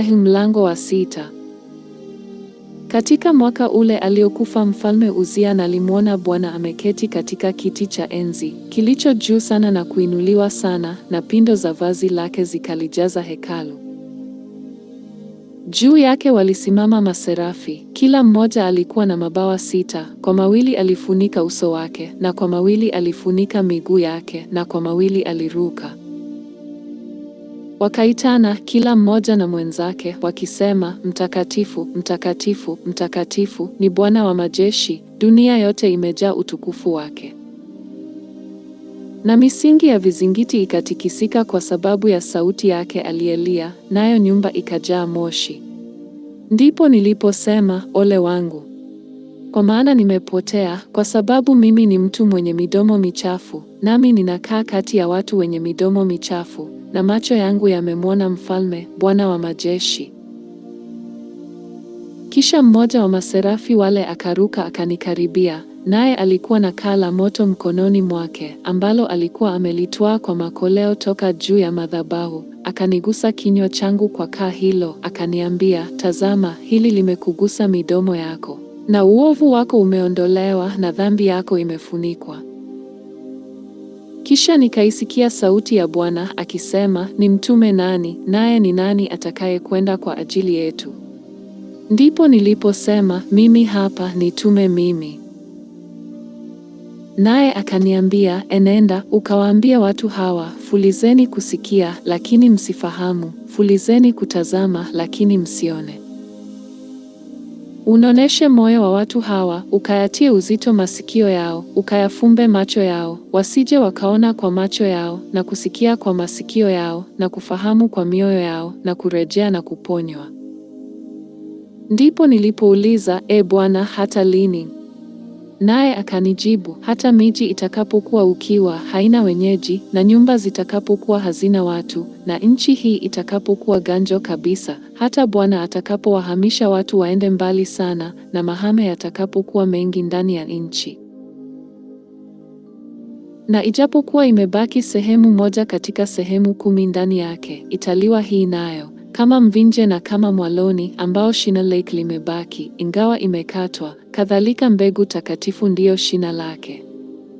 Mlango wa sita. Katika mwaka ule aliokufa mfalme Uzia, nalimwona Bwana ameketi katika kiti cha enzi kilicho juu sana na kuinuliwa sana, na pindo za vazi lake zikalijaza hekalu. Juu yake walisimama maserafi, kila mmoja alikuwa na mabawa sita, kwa mawili alifunika uso wake, na kwa mawili alifunika miguu yake, na kwa mawili aliruka. Wakaitana kila mmoja na mwenzake wakisema, mtakatifu, mtakatifu, mtakatifu ni Bwana wa majeshi, dunia yote imejaa utukufu wake. Na misingi ya vizingiti ikatikisika kwa sababu ya sauti yake aliyelia, nayo nyumba ikajaa moshi. Ndipo niliposema, ole wangu, kwa maana nimepotea, kwa sababu mimi ni mtu mwenye midomo michafu, nami ninakaa kati ya watu wenye midomo michafu na macho yangu yamemwona mfalme, Bwana wa majeshi. Kisha mmoja wa maserafi wale akaruka akanikaribia, naye alikuwa na kaa la moto mkononi mwake, ambalo alikuwa amelitwaa kwa makoleo toka juu ya madhabahu. Akanigusa kinywa changu kwa kaa hilo, akaniambia, tazama, hili limekugusa midomo yako, na uovu wako umeondolewa, na dhambi yako imefunikwa. Kisha nikaisikia sauti ya Bwana akisema, ni mtume nani? Naye ni nani atakayekwenda kwa ajili yetu? Ndipo niliposema, mimi hapa, nitume mimi. Naye akaniambia, enenda ukawaambia watu hawa, fulizeni kusikia, lakini msifahamu; fulizeni kutazama, lakini msione Unoneshe moyo wa watu hawa, ukayatie uzito masikio yao, ukayafumbe macho yao, wasije wakaona kwa macho yao, na kusikia kwa masikio yao, na kufahamu kwa mioyo yao, na kurejea na kuponywa. Ndipo nilipouliza, E Bwana, hata lini? Naye akanijibu, hata miji itakapokuwa ukiwa haina wenyeji, na nyumba zitakapokuwa hazina watu, na nchi hii itakapokuwa ganjo kabisa, hata Bwana atakapowahamisha watu waende mbali sana, na mahame yatakapokuwa mengi ndani ya nchi, na ijapokuwa imebaki sehemu moja katika sehemu kumi ndani yake, italiwa hii nayo kama mvinje na kama mwaloni ambao shina lake limebaki ingawa imekatwa, kadhalika mbegu takatifu ndiyo shina lake.